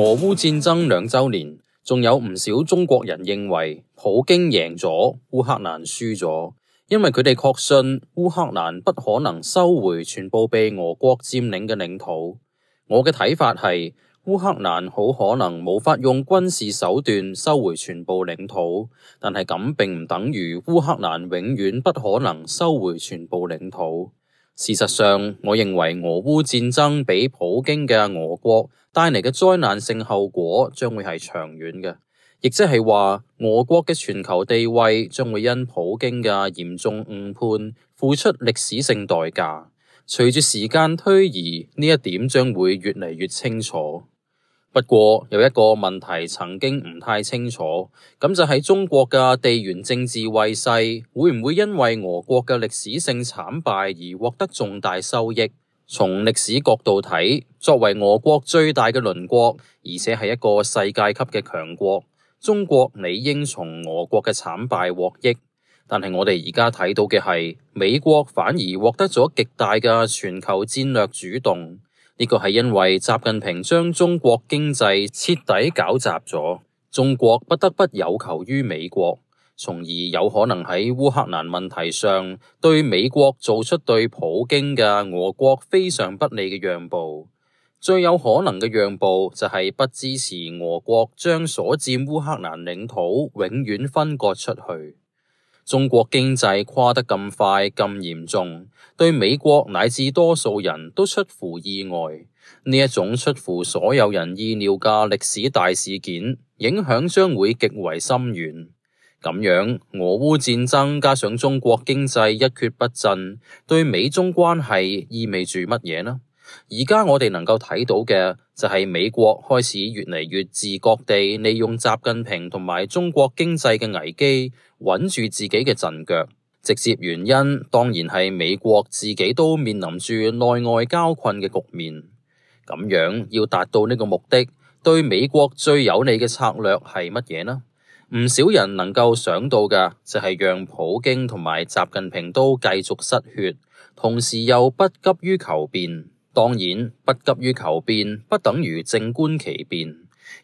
俄烏戰爭兩周年，仲有唔少中國人認為，普京贏咗，烏克蘭輸咗，因為佢哋確信，烏克蘭不可能收回全部被俄國佔領嘅領土。我嘅睇法係，烏克蘭好可能無法用軍事手段收回全部領土，但係咁並唔等於烏克蘭永遠不可能收回全部領土。事實上，我認為俄烏戰爭俾普京嘅俄國帶嚟嘅災難性後果將會係長遠嘅，亦即係話俄國嘅全球地位將會因普京嘅嚴重誤判付出歷史性代價。隨住時間推移，呢一點將會越嚟越清楚。不過，有一個問題曾經唔太清楚，咁就係中國嘅地緣政治位勢會唔會因為俄國嘅歷史性慘敗而獲得重大收益？從歷史角度睇，作為俄國最大嘅鄰國，而且係一個世界級嘅強國，中國理應從俄國嘅慘敗獲益。但係我哋而家睇到嘅係，美國反而獲得咗極大嘅全球戰略主動。呢個係因為習近平將中國經濟徹底搞砸咗，中國不得不有求於美國，從而有可能喺烏克蘭問題上對美國做出對普京嘅俄國非常不利嘅讓步。最有可能嘅讓步就係不支持俄國將所佔烏克蘭領土永遠分割出去。中國經濟垮得咁快咁嚴重，對美國乃至多數人都出乎意外。呢一種出乎所有人意料嘅歷史大事件，影響將會極為深遠。咁樣俄烏戰爭加上中國經濟一蹶不振，對美中關係意味住乜嘢呢？而家我哋能夠睇到嘅，就係美國開始越嚟越自覺地利用習近平同埋中國經濟嘅危機，穩住自己嘅陣腳。直接原因當然係美國自己都面臨住內外交困嘅局面。咁樣要達到呢個目的，對美國最有利嘅策略係乜嘢呢？唔少人能夠想到嘅就係讓普京同埋習近平都繼續失血，同時又不急於求變。當然，不急於求變，不等於靜觀其變，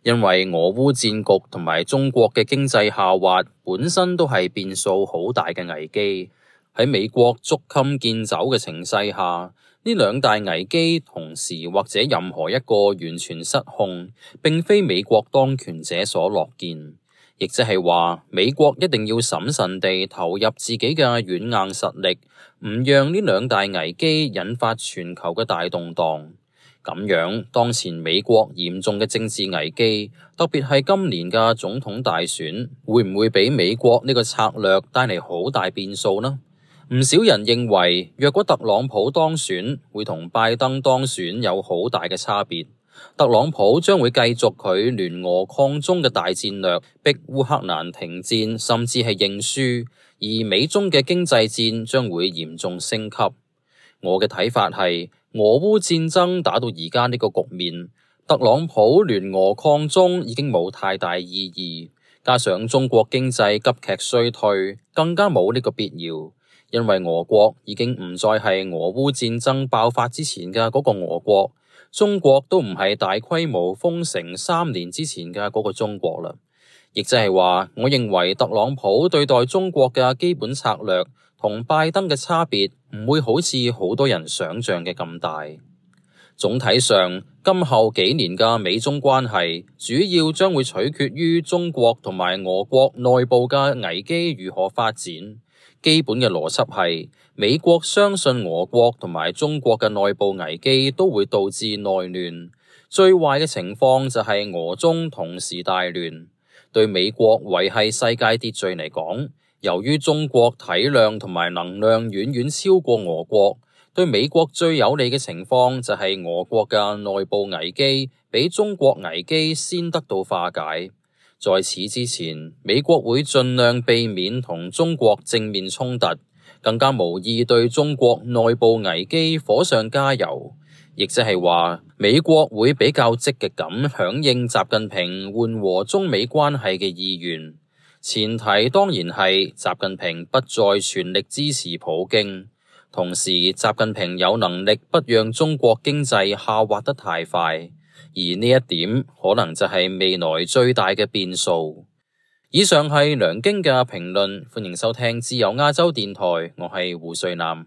因為俄烏戰局同埋中國嘅經濟下滑本身都係變數好大嘅危機。喺美國捉襟見肘嘅情勢下，呢兩大危機同時或者任何一個完全失控，並非美國當權者所樂見。亦即係話，美國一定要審慎地投入自己嘅軟硬實力，唔讓呢兩大危機引發全球嘅大動盪。咁樣，當前美國嚴重嘅政治危機，特別係今年嘅總統大選，會唔會畀美國呢個策略帶嚟好大變數呢？唔少人認為，若果特朗普當選，會同拜登當選有好大嘅差別。特朗普將會繼續佢聯俄抗中嘅大戰略，逼烏克蘭停戰，甚至係認輸。而美中嘅經濟戰將會嚴重升級。我嘅睇法係，俄烏戰爭打到而家呢個局面，特朗普聯俄抗中已經冇太大意義，加上中國經濟急劇衰退，更加冇呢個必要。因為俄國已經唔再係俄烏戰爭爆發之前嘅嗰個俄國。中國都唔係大規模封城三年之前嘅嗰個中國啦，亦即係話，我認為特朗普對待中國嘅基本策略同拜登嘅差別唔會好似好多人想象嘅咁大。總體上，今後幾年嘅美中關係主要將會取決於中國同埋俄國內部嘅危機如何發展。基本嘅邏輯係，美國相信俄國同埋中國嘅內部危機都會導致內亂，最壞嘅情況就係俄中同時大亂。對美國維繫世界秩序嚟講，由於中國體量同埋能量遠遠超過俄國，對美國最有利嘅情況就係俄國嘅內部危機比中國危機先得到化解。在此之前，美國會盡量避免同中國正面衝突，更加無意對中國內部危機火上加油，亦即係話美國會比較積極咁響應習近平緩和中美關係嘅意願。前提當然係習近平不再全力支持普京，同時習近平有能力不讓中國經濟下滑得太快。而呢一點可能就係未來最大嘅變數。以上係梁京嘅評論，歡迎收聽自由亞洲電台，我係胡瑞南。